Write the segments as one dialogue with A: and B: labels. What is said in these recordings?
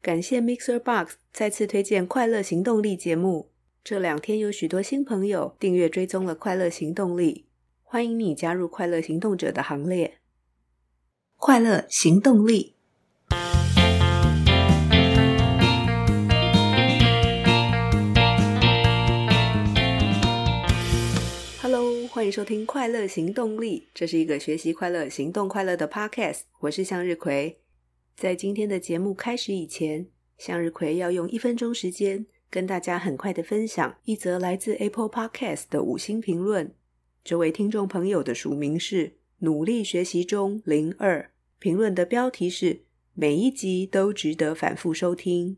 A: 感謝 MixerBox 再次推薦《快樂行動力》節目。這兩天有許多新朋友訂閱追蹤了《快樂行動力》，歡迎你加入快樂行動者的行列！快樂行動力。Hello，歡迎收聽《快樂行動力》，這是一個學習快樂、行動快樂的 podcast。我是向日葵。在今天的節目開始以前，向日葵要用一分鐘時間跟大家很快的分享一則來自 Apple Podcast 的五星評論。這位聽眾朋友的署名是“努力學習中零二”，評論的標題是“每一集都值得反覆收聽”。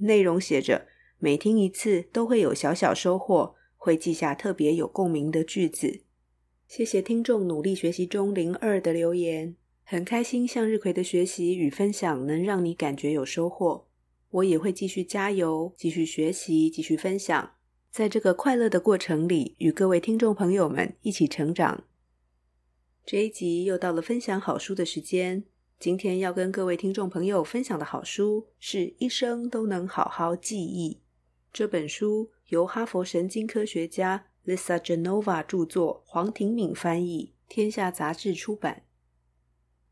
A: 內容寫着：“每聽一次都會有小小收穫，會記下特別有共鳴的句子。”謝謝聽眾“努力學習中零二”的留言。很開心，向日葵的學習與分享能讓你感覺有收穫。我也會繼續加油，繼續學習，繼續分享。在這個快樂的過程裡，與各位聽眾朋友們一起成長。這一集又到了分享好書的時間。今天要跟各位聽眾朋友分享的好書是《一生都能好好記憶》。這本書由哈佛神經科學家 Lisa Genova 著作，黃庭敏翻譯，天下雜誌出版。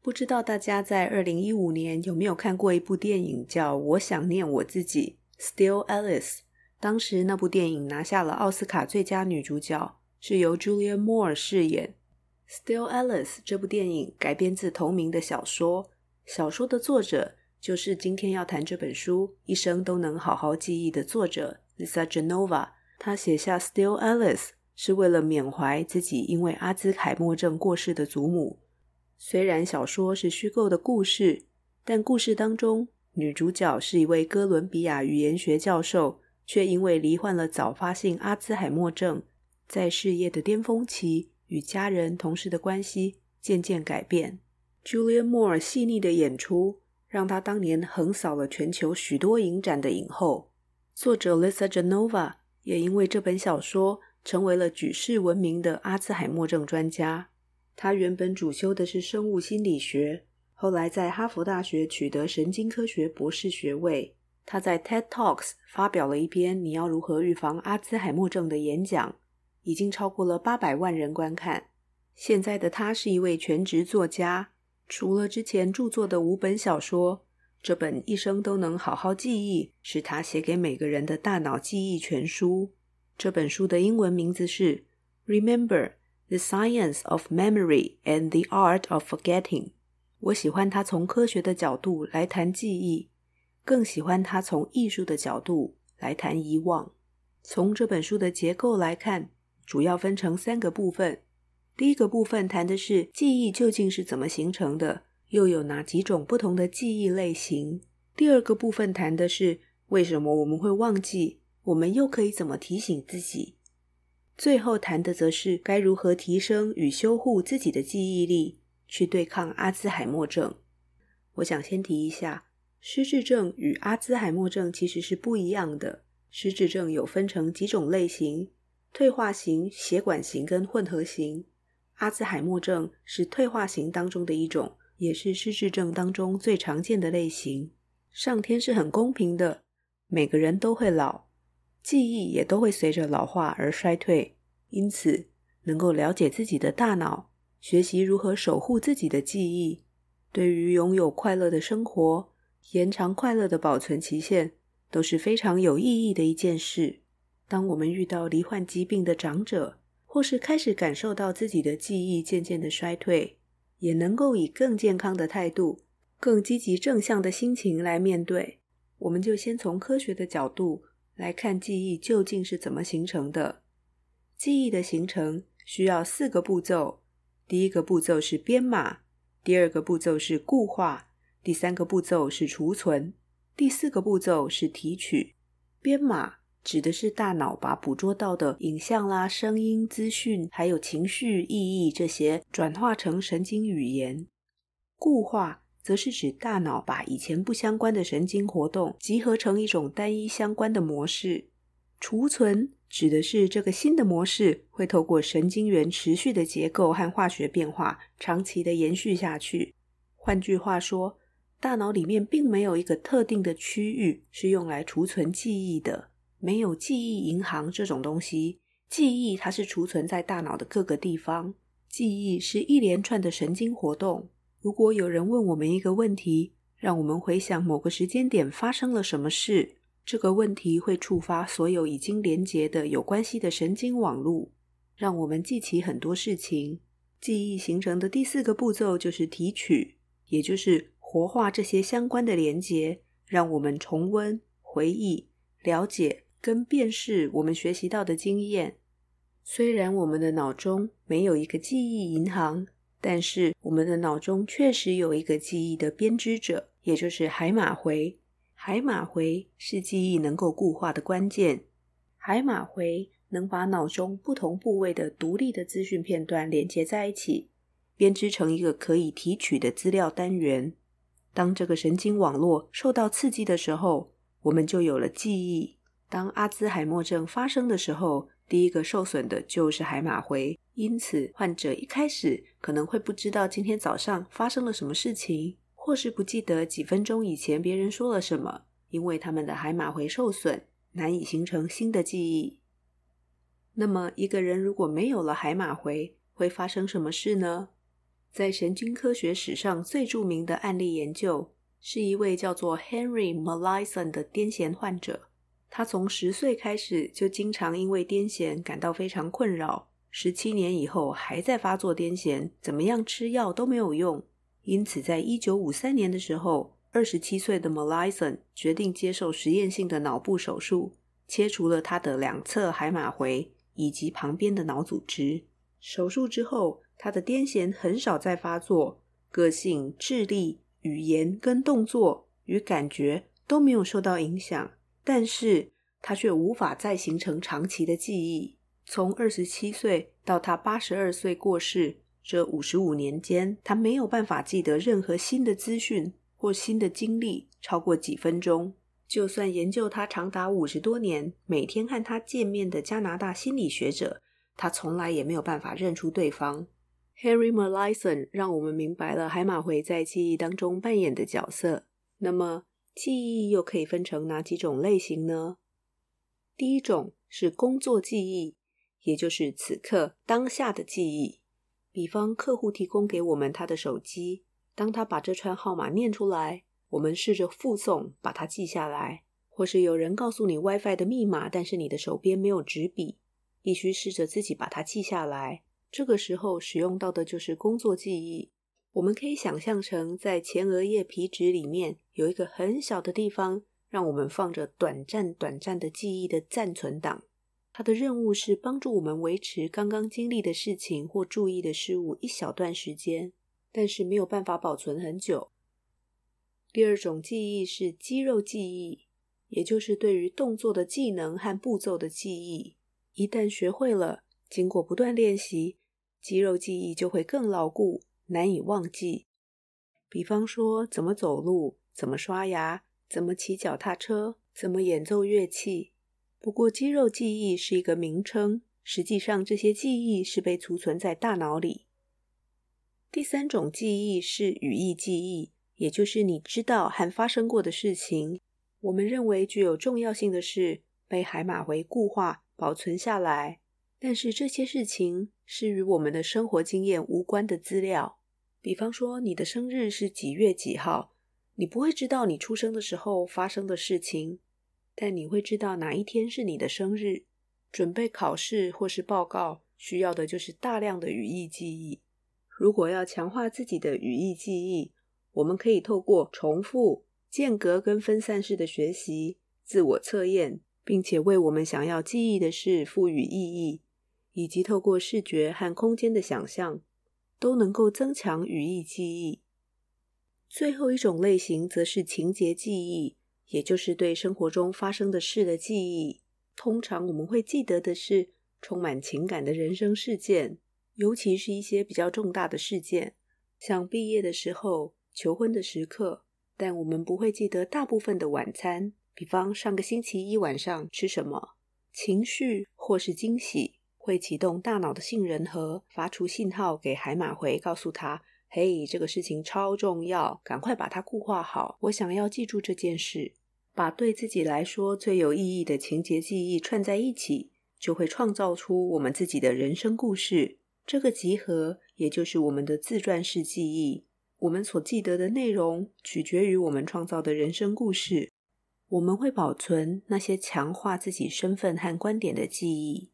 A: 不知道大家在二零一五年有沒有看過一部電影，叫《我想念我自己》（Still Alice）。當時那部電影拿下了奧斯卡最佳女主角，是由 Julianne Moore 飾演。Still Alice 這部電影改編自同名的小說，小說的作者就是今天要談這本書《一生都能好好記憶》的作者 Lisa Genova。她寫下 Still Alice 是為了緬懷自己因為阿茲海默症過世的祖母。雖然小說是虛構的故事，但故事當中女主角是一位哥倫比亞語言學教授，卻因為罹患了早發性阿茲海默症，在事業的巔峰期與家人、同事的關係漸漸改變。Julianne Moore 細膩的演出，讓她當年橫掃了全球許多影展的影後。作者 Lisa Genova 也因為這本小說，成為了舉世聞名的阿茲海默症專家。他原本主修的是生物心理學，後來在哈佛大學取得神經科學博士學位。他在 TED Talks 發表了一篇“你要如何預防阿茲海默症”的演講，已經超過了八百萬人觀看。現在的他是一位全職作家，除了之前著作的五本小說，這本《一生都能好好記憶》是他寫給每個人的大腦記憶全書。這本書的英文名字是《Remember》。The science of memory and the art of forgetting。我喜歡他從科學的角度來談記憶，更喜歡他從藝術的角度來談遺忘。從這本書的結構來看，主要分成三個部分。第一個部分談的是記憶究竟是怎麼形成的，又有哪幾種不同的記憶類型。第二個部分談的是為什麼我們會忘記，我們又可以怎麼提醒自己。最後談的則是該如何提升與修護自己的記憶力，去對抗阿茲海默症。我想先提一下，失智症與阿茲海默症其實是不一樣的。失智症有分成幾種類型：退化型、血管型跟混合型。阿茲海默症是退化型當中的一種，也是失智症當中最常見的類型。上天是很公平的，每個人都會老。記憶也都會隨着老化而衰退，因此能夠了解自己的大腦，學習如何守護自己的記憶，對於擁有快樂的生活、延長快樂的保存期限都是非常有意義的一件事。當我們遇到罹患疾病的長者，或是開始感受到自己的記憶漸漸的衰退，也能夠以更健康的態度、更積極正向的心情來面對，我們就先從科學的角度，來看記憶究竟是怎麼形成的。記憶的形成需要四個步驟，第一個步驟是編碼，第二個步驟是固化，第三個步驟是儲存，第四個步驟是提取。編碼指的是大腦把捕捉到的影像啦、聲音、資訊，還有情緒、意義這些，轉化成神經語言。固化。則是指大腦把以前不相關的神經活動集合成一種單一相關的模式。儲存指的是這個新的模式會透過神經元持續的結構和化學變化長期的延續下去。換句話說，大腦裡面並沒有一個特定的區域是用來儲存記憶的。沒有記憶銀行這種東西。記憶它是儲存在大腦的各個地方，記憶是一連串的神經活動。如果有人問我們一個問題，讓我們回想某個時間點發生了什麼事，這個問題會觸發所有已經連接的有關係的神經網絡，讓我們記起很多事情。記憶形成的第四個步驟就是提取，也就是活化這些相關的連接，讓我們重溫、回憶、了解跟辨識我們學習到的經驗。雖然我們的腦中沒有一個記憶銀行。但是，我們的腦中確實有一個記憶的編織者，也就是海馬回。海馬回是記憶能夠固化的關鍵。海馬回能把腦中不同部位的獨立的資訊片段連接在一起，編織成一個可以提取的資料單元。當這個神經網絡受到刺激的時候，我們就有了記憶。當阿茲海默症發生的時候，第一個受損的就是海馬回。因此，患者一開始可能會不知道今天早上發生了什麼事情，或是不記得幾分鐘以前別人說了什麼，因為他們的海馬回受損，難以形成新的記憶。那麼，一個人如果沒有了海馬回，會發生什麼事呢？在神經科學史上最著名的案例研究，是一位叫做 Henry Molaison 的癲癇患者，他從十歲開始就經常因為癲癇感到非常困擾。十七年以後，還在發作癲癇，怎麼樣吃藥都沒有用。因此，在一九五三年的時候，二十七歲的莫萊森決定接受實驗性的腦部手術，切除了他的兩側海馬回以及旁邊的腦組織。手術之後，他的癲癇很少再發作，個性、智力、語言跟動作與感覺都沒有受到影響，但是他卻無法再形成長期的記憶。從二十七歲到他八十二歲過世，這五十五年間，他沒有辦法記得任何新的資訊或新的經歷超過幾分鐘。就算研究他長達五十多年，每天和他見面的加拿大心理學者，他從來也沒有辦法認出對方。Harry Molaison 讓我們明白了海馬回在記憶當中扮演的角色。那麼，記憶又可以分成哪幾種類型呢？第一種是工作記憶。也就是此刻當下的記憶，比方客戶提供給我們他的手機，當他把這串號碼念出來，我們試着復誦把它記下來；或是有人告訴你 WiFi 的密碼，但是你的手邊沒有紙筆，必須試着自己把它記下來。這個時候使用到的就是工作記憶。我們可以想象成在前額葉皮質裡面有一個很小的地方，讓我們放着短暫、短暫的記憶的暫存檔。他的任務是幫助我們維持剛剛經歷的事情或注意的事物一小段時間，但是沒有辦法保存很久。第二種記憶是肌肉記憶，也就是對於動作的技能和步驟的記憶。一旦學會了，經過不斷練習，肌肉記憶就會更牢固，難以忘記。比方說，怎麼走路，怎麼刷牙，怎麼騎腳踏車，怎麼演奏樂器。不過，肌肉記憶是一個名稱，實際上這些記憶是被儲存在大腦裡。第三種記憶是語義記憶，也就是你知道還發生過的事情。我們認為具有重要性的是被海馬迴固化保存下來，但是這些事情是與我們的生活經驗無關的資料。比方說，你的生日是幾月幾號，你不會知道你出生的時候發生的事情。但你會知道哪一天是你的生日。準備考試或是報告需要的就是大量的語義記憶。如果要強化自己的語義記憶，我們可以透過重複、間隔跟分散式的學習、自我測驗，並且為我們想要記憶的事賦予意義，以及透過視覺和空間的想象，都能夠增強語義記憶。最後一種類型則是情節記憶。也就是對生活中發生的事的記憶，通常我們會記得的是充滿情感的人生事件，尤其是一些比較重大的事件，像畢業的時候、求婚的時刻。但我們不會記得大部分的晚餐，比方上個星期一晚上吃什麼。情緒或是驚喜會啟動大腦的杏仁核，發出信號給海馬回，告訴他。嘿，hey，這個事情超重要，趕快把它固化好。我想要記住這件事，把對自己來說最有意義的情節記憶串在一起，就會創造出我們自己的人生故事。這個集合也就是我們的自傳式記憶。我們所記得的內容取決於我們創造的人生故事。我們會保存那些強化自己身份和觀點的記憶。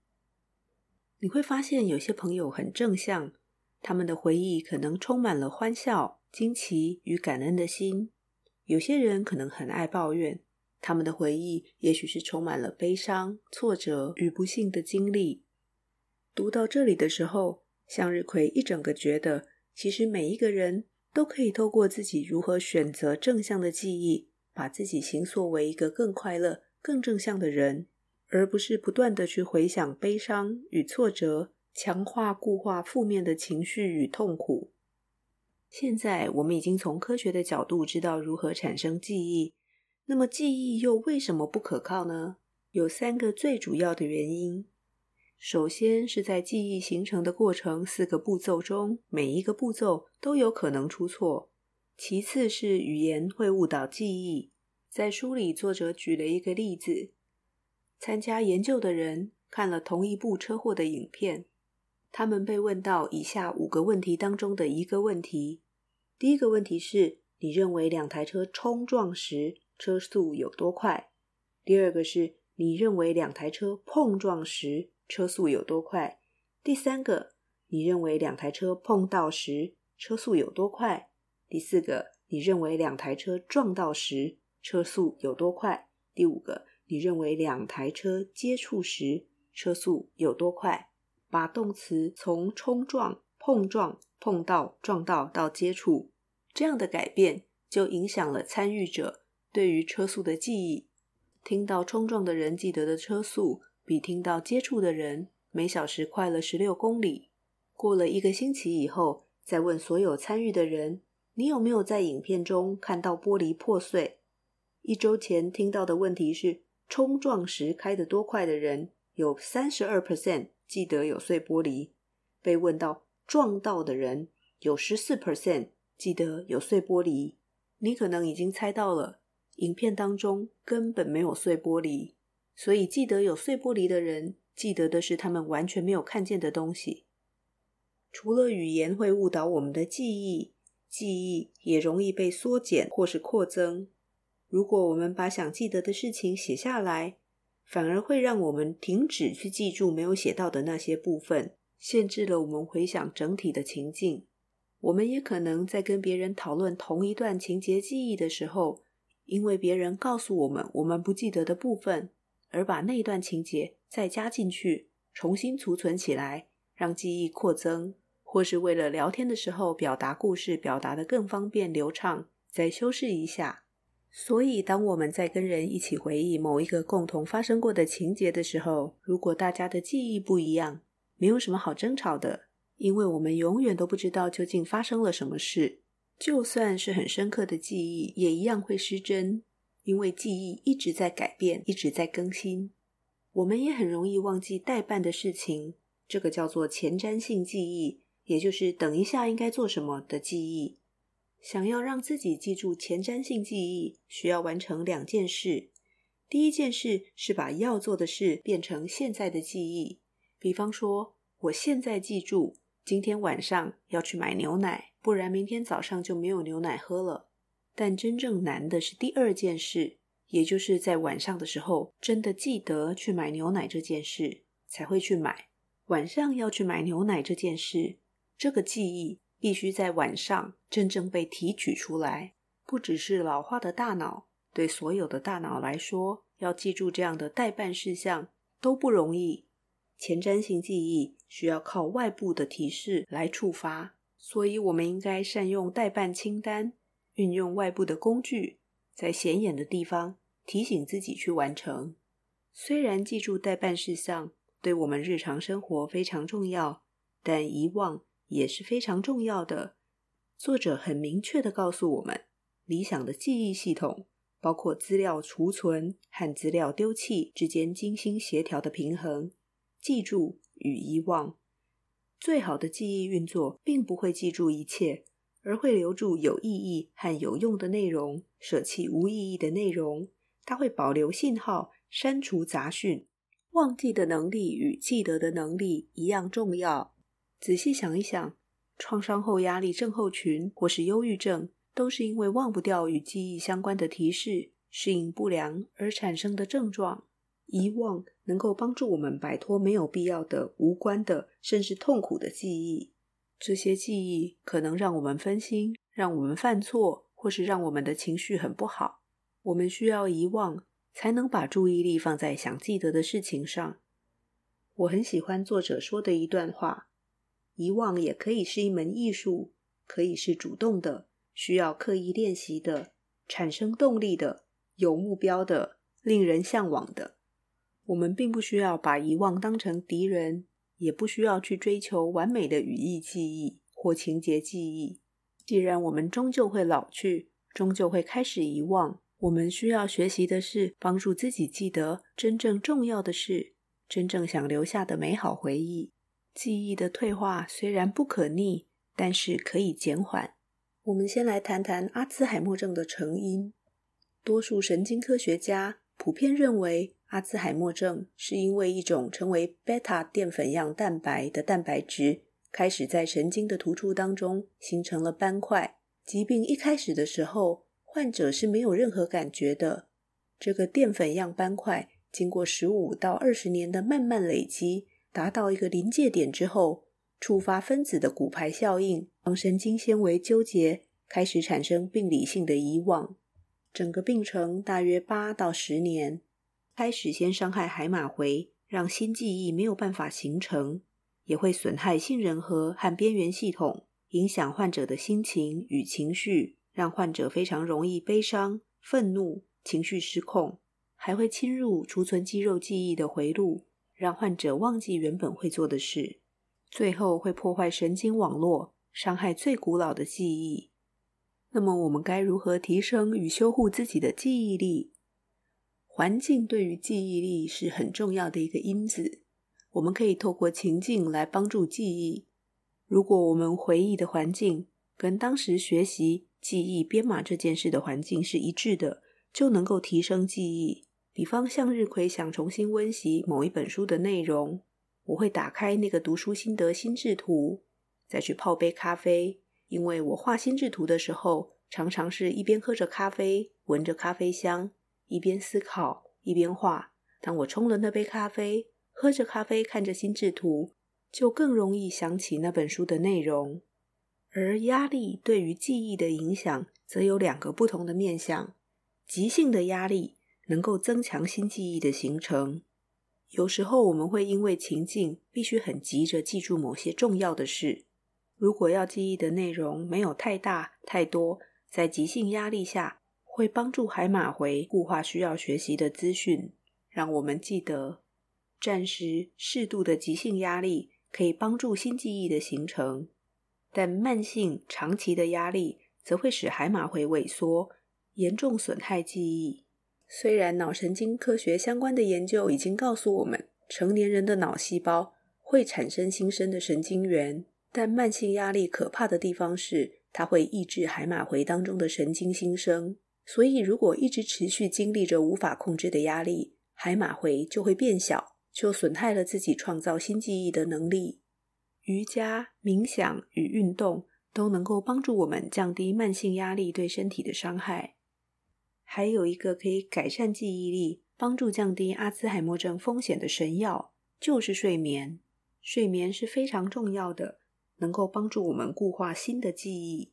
A: 你會發現，有些朋友很正向。他們的回憶可能充滿了歡笑、驚奇與感恩的心。有些人可能很愛抱怨，他們的回憶也許是充滿了悲傷、挫折與不幸的經歷。讀到這裡的時候，向日葵一整個覺得，其實每一個人都可以透過自己如何選擇正向的記憶，把自己形塑為一個更快樂、更正向的人，而不是不斷的去回想悲傷與挫折。強化固化負面的情緒與痛苦。現在我們已經從科學的角度知道如何產生記憶，那麼記憶又為什麼不可靠呢？有三個最主要的原因。首先是在記憶形成的過程四個步驟中，每一個步驟都有可能出錯。其次是語言會誤導記憶。在書裡，作者舉了一個例子：參加研究的人看了同一部車禍的影片。他們被問到以下五個問題當中的一個問題：第一個問題是，你認為兩台車衝撞時車速有多快？第二個是你認為兩台車碰撞時車速有多快？第三個你認為兩台車碰到時車速有多快？第四個你認為兩台車撞到時車速有多快？第五個你認為兩台車接觸時車速有多快？把動詞從衝撞、碰撞、碰到、撞到到接觸，這樣的改變就影響了參與者對於車速的記憶。聽到衝撞的人記得的車速比聽到接觸的人每小時快了十六公里。過了一個星期以後，再問所有參與的人：“你有沒有在影片中看到玻璃破碎？”一周前聽到的問題是“衝撞時開得多快的人有32 ”，有三十二 percent。記得有碎玻璃。被問到撞到的人有十四 percent 記得有碎玻璃。你可能已經猜到了，影片當中根本沒有碎玻璃。所以記得有碎玻璃的人，記得的是他們完全沒有看見的東西。除了語言會誤導我們的記憶，記憶也容易被縮減或是擴增。如果我們把想記得的事情寫下來，反而會讓我們停止去記住沒有寫到的那些部分，限制了我們回想整體的情境。我們也可能在跟別人討論同一段情節記憶的時候，因為別人告訴我們我們不記得的部分，而把那段情節再加進去，重新儲存起來，讓記憶擴增，或是為了聊天的時候表達故事，表達的更方便流暢，再修飾一下。所以，當我們在跟人一起回憶某一個共同發生過的情節的時候，如果大家的記憶不一樣，沒有什麼好爭吵的，因為我們永遠都不知道究竟發生了什麼事。就算是很深刻的記憶，也一樣會失真，因為記憶一直在改變，一直在更新。我們也很容易忘記待辦的事情，這個叫做前瞻性記憶，也就是等一下應該做什麼的記憶。想要讓自己記住前瞻性記憶，需要完成兩件事。第一件事是把要做的事變成現在的記憶，比方說，我現在記住今天晚上要去買牛奶，不然明天早上就沒有牛奶喝了。但真正難的是第二件事，也就是在晚上的時候真的記得去買牛奶這件事，才會去買。晚上要去買牛奶這件事，這個記憶。必須在晚上真正被提取出來。不只是老化的大腦，對所有的大腦來說，要記住這樣的待辦事項都不容易。前瞻性記憶需要靠外部的提示來觸發，所以我們應該善用待辦清單，運用外部的工具，在顯眼的地方提醒自己去完成。雖然記住待辦事項對我們日常生活非常重要，但遺忘，也是非常重要的。作者很明確的告訴我們，理想的記憶系統包括資料儲存和資料丟棄之間精心協調的平衡，記住與遺忘。最好的記憶運作並不會記住一切，而會留住有意義和有用的內容，捨棄無意義的內容。它會保留信號，刪除雜訊。忘記的能力與記得的能力一樣重要。仔細想一想，創傷後壓力症候群或是憂鬱症，都是因為忘不掉與記憶相關的提示，適應不良而產生的症狀。遺忘能夠幫助我們擺脫沒有必要的、無關的，甚至痛苦的記憶。這些記憶可能讓我們分心，讓我們犯錯，或是讓我們的情緒很不好。我們需要遺忘，才能把注意力放在想記得的事情上。我很喜歡作者說的一段話。遺忘也可以是一門藝術，可以是主動的，需要刻意練習的，產生動力的，有目標的，令人向往的。我們並不需要把遺忘當成敵人，也不需要去追求完美的語義記憶或情節記憶。既然我們終究會老去，終究會開始遺忘，我們需要學習的是幫助自己記得真正重要的事，真正想留下的美好回憶。記憶的退化雖然不可逆，但是可以減緩。我們先來談談阿茲海默症的成因。多數神經科學家普遍認為，阿茲海默症是因為一種稱為貝塔澱粉樣蛋白的蛋白質開始在神經的突出當中形成了斑塊。疾病一開始的時候，患者是沒有任何感覺的。這個澱粉樣斑塊經過十五到二十年的慢慢累積。達到一個臨界點之後，觸發分子的骨牌效應，讓神經纖維糾結，開始產生病理性的遺忘。整個病程大約八到十年，開始先傷害海馬回，讓新記憶沒有辦法形成，也會損害杏仁核和邊緣系統，影響患者的心情與情緒，讓患者非常容易悲傷、憤怒，情緒失控，還會侵入儲存肌肉記憶的回路。讓患者忘記原本會做的事，最後會破壞神經網絡，傷害最古老的記憶。那麼，我們該如何提升與修護自己的記憶力？環境對於記憶力是很重要的一個因子，我們可以透過情境來幫助記憶。如果我們回憶的環境跟當時學習、記憶、編碼這件事的環境是一致的，就能夠提升記憶。比方，向日葵想重新溫習某一本書的內容，我會打開那個讀書心得心智圖，再去泡杯咖啡。因為我畫心智圖的時候，常常是一邊喝着咖啡，聞着咖啡香，一邊思考，一邊畫。當我沖了那杯咖啡，喝着咖啡，看着心智圖，就更容易想起那本書的內容。而壓力對於記憶的影響，則有兩個不同的面向：急性的壓力。能夠增強新記憶的形成。有時候我們會因為情境必須很急着記住某些重要的事。如果要記憶的內容沒有太大太多，在急性壓力下會幫助海馬回固化需要學習的資訊，讓我們記得。暫時適度的急性壓力可以幫助新記憶的形成，但慢性長期的壓力則會使海馬回萎縮，嚴重損害記憶。雖然腦神經科學相關的研究已經告訴我們，成年人的腦細胞會產生新生的神經元，但慢性壓力可怕的地方是，它會抑制海馬回當中的神經新生。所以，如果一直持續經歷着無法控制的壓力，海馬回就會變小，就損害了自己創造新記憶的能力。瑜伽、冥想與運動都能夠幫助我們降低慢性壓力對身體的傷害。還有一個可以改善記憶力、幫助降低阿茲海默症風險的神藥，就是睡眠。睡眠是非常重要的，能夠幫助我們固化新的記憶。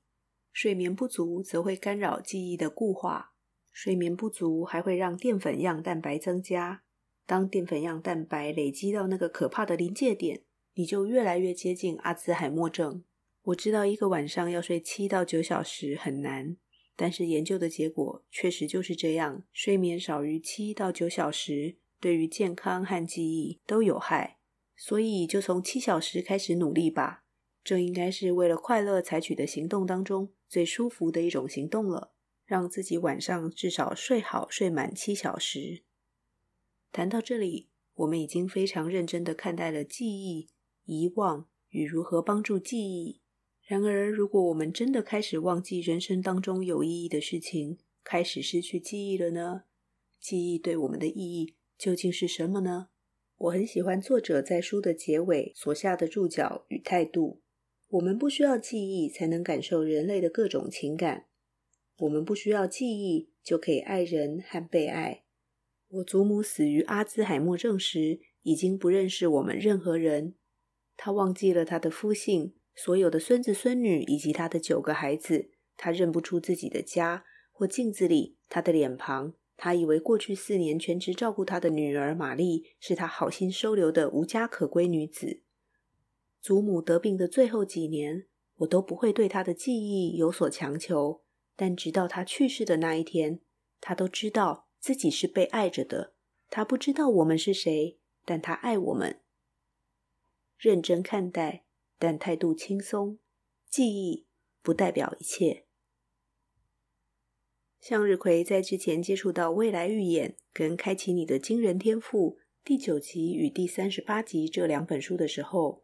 A: 睡眠不足則會干擾記憶的固化。睡眠不足還會讓澱粉樣蛋白增加。當澱粉樣蛋白累積到那個可怕的臨界點，你就越來越接近阿茲海默症。我知道一個晚上要睡七到九小時很難。但是研究的結果確實就是這樣：睡眠少於七到九小時，對於健康和記憶都有害。所以就從七小時開始努力吧。這應該是為了快樂採取的行動當中最舒服的一種行動了。讓自己晚上至少睡好睡滿七小時。談到這裡，我們已經非常認真地看待了記憶、遺忘與如何幫助記憶。然而，如果我們真的開始忘記人生當中有意義的事情，開始失去記憶了呢？記憶對我們的意義究竟是什麼呢？我很喜歡作者在書的結尾所下的注腳與態度。我們不需要記憶才能感受人類的各種情感，我們不需要記憶就可以愛人和被愛。我祖母死於阿茲海默症時，已經不認識我們任何人，她忘記了她的夫姓。所有的孫子孫女以及他的九個孩子，他認不出自己的家或鏡子裡他的臉龐。他以為過去四年全職照顧他的女兒瑪麗是他好心收留的無家可歸女子。祖母得病的最後幾年，我都不會對她的記憶有所強求。但直到她去世的那一天，她都知道自己是被愛着的。她不知道我們是誰，但她愛我們。認真看待。但態度輕鬆，記憶不代表一切。向日葵在之前接觸到《未來預演》跟《開啟你的驚人天賦》第九集與第三十八集這兩本書的時候，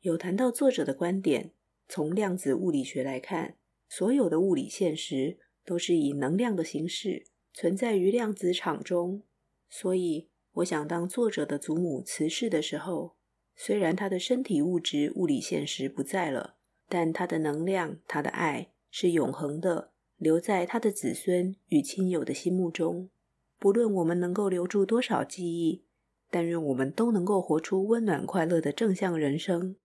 A: 有談到作者的觀點：從量子物理學來看，所有的物理現實都是以能量的形式存在於量子場中。所以，我想當作者的祖母辭世的時候，雖然他的身體物質物理現實不在了，但他的能量、他的愛是永恆的，留在他的子孫與親友的心目中。不論我們能夠留住多少記憶，但願我們都能夠活出溫暖快樂的正向人生。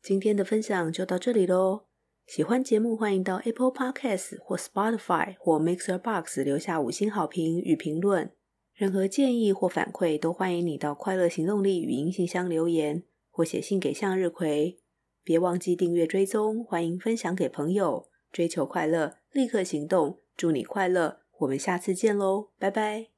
A: 今天的分享就到這裡嘍，喜歡節目歡迎到 Apple Podcast 或 Spotify 或 MixerBox 留下五星好評與評論。任何建議或反饋都歡迎你到快樂行動力語音信箱留言，或寫信給向日葵。別忘記訂閱追蹤，歡迎分享給朋友。追求快樂，立刻行動。祝你快樂，我們下次見嘍，拜拜。